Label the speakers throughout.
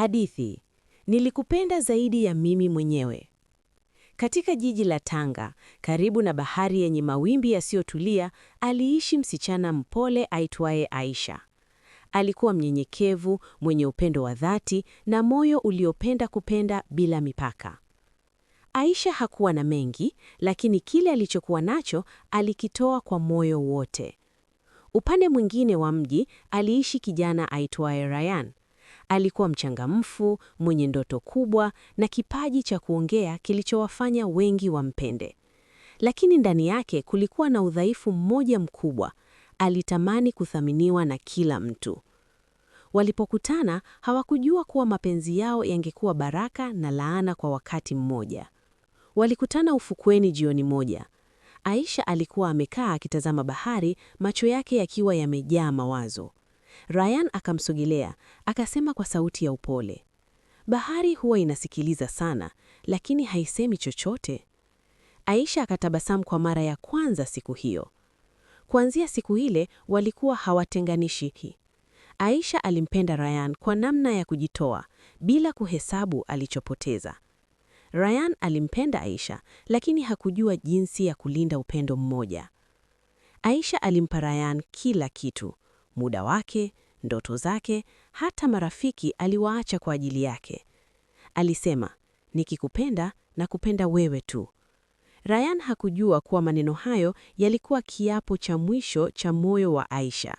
Speaker 1: Hadithi: Nilikupenda zaidi ya mimi mwenyewe. Katika jiji la Tanga, karibu na bahari yenye mawimbi yasiyotulia, aliishi msichana mpole aitwaye Aisha. Alikuwa mnyenyekevu, mwenye upendo wa dhati na moyo uliopenda kupenda bila mipaka. Aisha hakuwa na mengi, lakini kile alichokuwa nacho alikitoa kwa moyo wote. Upande mwingine wa mji aliishi kijana aitwaye Rayhan. Alikuwa mchangamfu, mwenye ndoto kubwa na kipaji cha kuongea kilichowafanya wengi wampende. Lakini ndani yake kulikuwa na udhaifu mmoja mkubwa. Alitamani kuthaminiwa na kila mtu. Walipokutana, hawakujua kuwa mapenzi yao yangekuwa baraka na laana kwa wakati mmoja. Walikutana ufukweni jioni moja. Aisha alikuwa amekaa akitazama bahari, macho yake yakiwa yamejaa mawazo. Ryan akamsogelea, akasema kwa sauti ya upole. Bahari huwa inasikiliza sana, lakini haisemi chochote. Aisha akatabasamu kwa mara ya kwanza siku hiyo. Kuanzia siku ile walikuwa hawatenganishi. Aisha alimpenda Ryan kwa namna ya kujitoa bila kuhesabu alichopoteza. Ryan alimpenda Aisha lakini hakujua jinsi ya kulinda upendo mmoja. Aisha alimpa Ryan kila kitu, muda wake, ndoto zake, hata marafiki aliwaacha kwa ajili yake. Alisema, nikikupenda na kupenda wewe tu. Ryan hakujua kuwa maneno hayo yalikuwa kiapo cha mwisho cha moyo wa Aisha.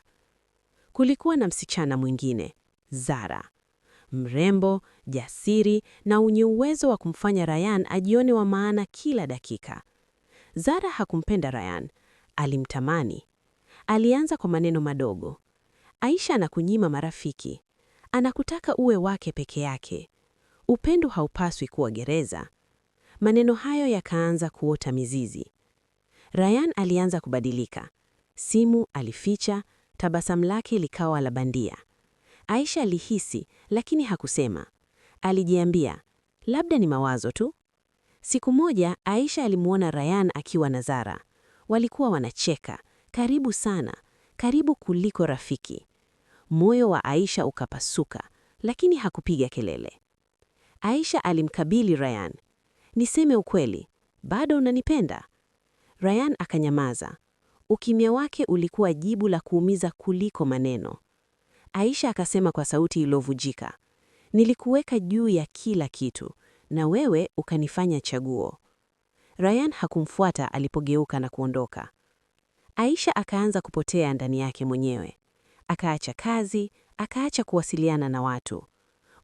Speaker 1: Kulikuwa na msichana mwingine, Zara, mrembo, jasiri na mwenye uwezo wa kumfanya Ryan ajione wa maana kila dakika. Zara hakumpenda Ryan, alimtamani, Alianza kwa maneno madogo. Aisha anakunyima marafiki, anakutaka uwe wake peke yake, upendo haupaswi kuwa gereza. Maneno hayo yakaanza kuota mizizi. Ryan alianza kubadilika, simu alificha, tabasamu lake likawa la bandia. Aisha alihisi, lakini hakusema. Alijiambia labda ni mawazo tu. Siku moja Aisha alimwona Ryan akiwa na Zara, walikuwa wanacheka karibu sana, karibu kuliko rafiki. Moyo wa Aisha ukapasuka, lakini hakupiga kelele. Aisha alimkabili Ryan. Niseme ukweli, bado unanipenda? Ryan akanyamaza. Ukimya wake ulikuwa jibu la kuumiza kuliko maneno. Aisha akasema kwa sauti iliyovujika, nilikuweka juu ya kila kitu na wewe ukanifanya chaguo. Ryan hakumfuata alipogeuka na kuondoka. Aisha akaanza kupotea ndani yake mwenyewe, akaacha kazi, akaacha kuwasiliana na watu.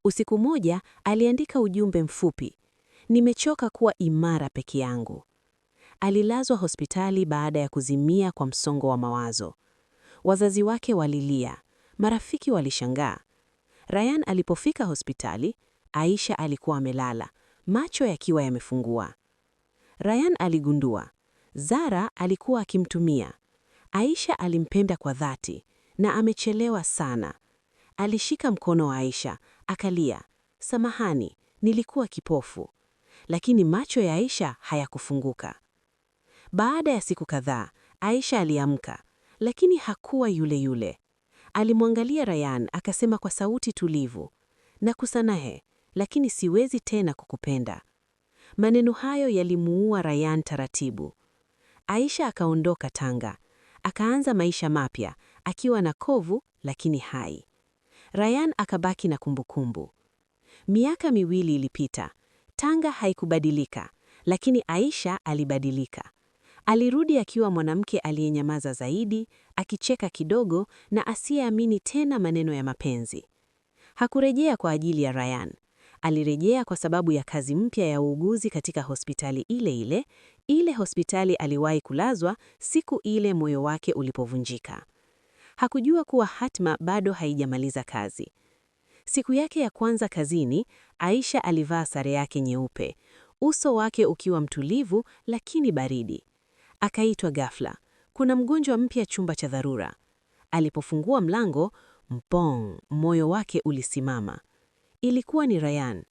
Speaker 1: Usiku mmoja aliandika ujumbe mfupi, nimechoka kuwa imara peke yangu. Alilazwa hospitali baada ya kuzimia kwa msongo wa mawazo. Wazazi wake walilia, marafiki walishangaa. Ryan alipofika hospitali, Aisha alikuwa amelala, macho yakiwa yamefungua. Ryan aligundua Zara alikuwa akimtumia. Aisha alimpenda kwa dhati na amechelewa sana. Alishika mkono wa Aisha akalia, samahani, nilikuwa kipofu. Lakini macho ya Aisha hayakufunguka. Baada ya siku kadhaa, Aisha aliamka, lakini hakuwa yule yule. Alimwangalia rayan akasema kwa sauti tulivu, nakusamehe, lakini siwezi tena kukupenda. Maneno hayo yalimuua rayan taratibu. Aisha akaondoka Tanga, akaanza maisha mapya akiwa na kovu lakini hai. rayan akabaki na kumbukumbu. Miaka miwili ilipita. Tanga haikubadilika, lakini Aisha alibadilika. Alirudi akiwa mwanamke aliyenyamaza zaidi, akicheka kidogo na asiyeamini tena maneno ya mapenzi. Hakurejea kwa ajili ya ryan Alirejea kwa sababu ya kazi mpya ya uuguzi katika hospitali ile ile, ile hospitali aliwahi kulazwa siku ile moyo wake ulipovunjika. Hakujua kuwa hatma bado haijamaliza kazi. Siku yake ya kwanza kazini, Aisha alivaa sare yake nyeupe, uso wake ukiwa mtulivu lakini baridi. Akaitwa ghafla, kuna mgonjwa mpya chumba cha dharura. Alipofungua mlango, mpong, moyo wake ulisimama. Ilikuwa ni Ryan.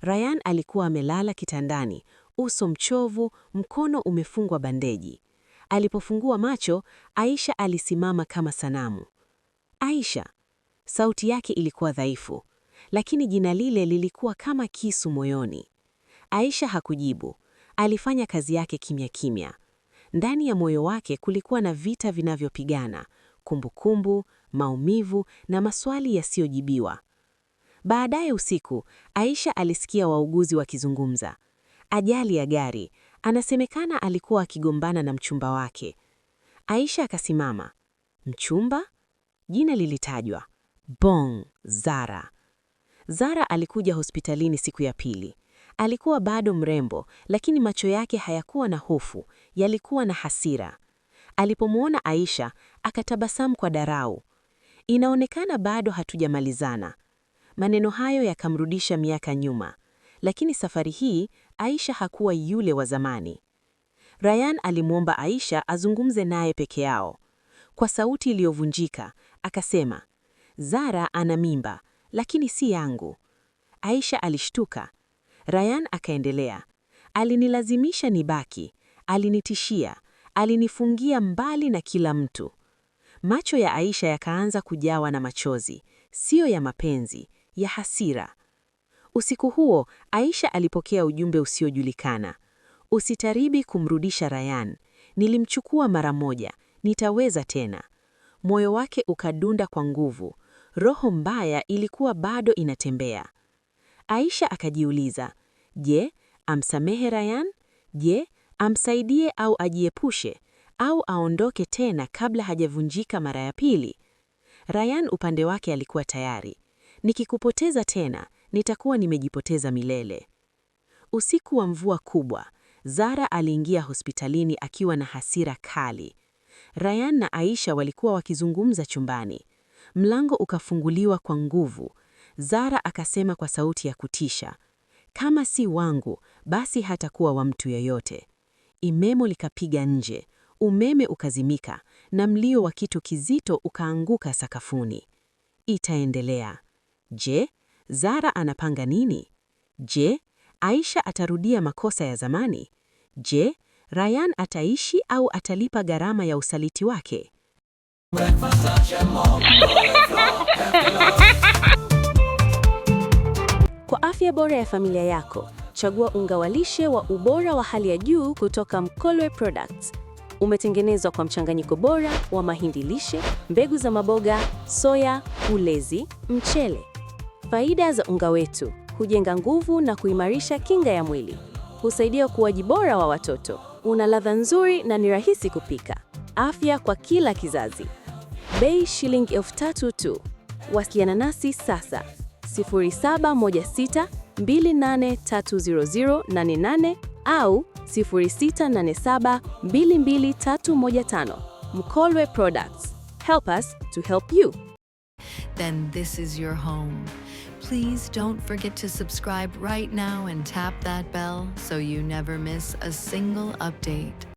Speaker 1: Ryan alikuwa amelala kitandani, uso mchovu, mkono umefungwa bandeji. Alipofungua macho, Aisha alisimama kama sanamu. Aisha. Sauti yake ilikuwa dhaifu, lakini jina lile lilikuwa kama kisu moyoni. Aisha hakujibu. Alifanya kazi yake kimya kimya. Ndani ya moyo wake kulikuwa na vita vinavyopigana, kumbukumbu, maumivu na maswali yasiyojibiwa. Baadaye usiku, Aisha alisikia wauguzi wakizungumza. Ajali ya gari, anasemekana alikuwa akigombana na mchumba wake. Aisha akasimama. Mchumba? Jina lilitajwa. Bong, Zara. Zara alikuja hospitalini siku ya pili. Alikuwa bado mrembo, lakini macho yake hayakuwa na hofu, yalikuwa na hasira. Alipomwona Aisha, akatabasamu kwa darau. Inaonekana bado hatujamalizana. Maneno hayo yakamrudisha miaka nyuma, lakini safari hii Aisha hakuwa yule wa zamani. Ryan alimwomba Aisha azungumze naye peke yao. Kwa sauti iliyovunjika akasema, Zara ana mimba, lakini si yangu. Aisha alishtuka. Ryan akaendelea, alinilazimisha nibaki, alinitishia, alinifungia mbali na kila mtu. Macho ya Aisha yakaanza kujawa na machozi, siyo ya mapenzi, ya hasira. Usiku huo Aisha alipokea ujumbe usiojulikana: usitaribi kumrudisha rayan nilimchukua mara moja, nitaweza tena. Moyo wake ukadunda kwa nguvu, roho mbaya ilikuwa bado inatembea. Aisha akajiuliza, je, amsamehe Rayan? Je, amsaidie au ajiepushe au aondoke tena kabla hajavunjika mara ya pili? Rayan upande wake alikuwa tayari, Nikikupoteza tena, nitakuwa nimejipoteza milele. Usiku wa mvua kubwa, Zara aliingia hospitalini akiwa na hasira kali. Ryan na Aisha walikuwa wakizungumza chumbani. Mlango ukafunguliwa kwa nguvu. Zara akasema kwa sauti ya kutisha, kama si wangu basi hatakuwa wa mtu yoyote Imemo likapiga nje, umeme ukazimika, na mlio wa kitu kizito ukaanguka sakafuni. Itaendelea. Je, Zara anapanga nini? Je, Aisha atarudia makosa ya zamani? Je, Ryan ataishi au atalipa gharama ya usaliti wake?
Speaker 2: Kwa afya bora ya familia yako, chagua unga wa lishe wa ubora wa hali ya juu kutoka Mkolwe Products. Umetengenezwa kwa mchanganyiko bora wa mahindi lishe, mbegu za maboga, soya, ulezi, mchele. Faida za unga wetu: hujenga nguvu na kuimarisha kinga ya mwili, husaidia ukuaji bora wa watoto, una ladha nzuri na ni rahisi kupika, afya kwa kila kizazi. Bei shilingi elfu tatu tu. Wasiliana nasi sasa 0716283088 au 0687223115. Mkolwe Products. Help us to help you. then this is your home. Please don't forget to subscribe right now and tap that bell so you never miss a single update.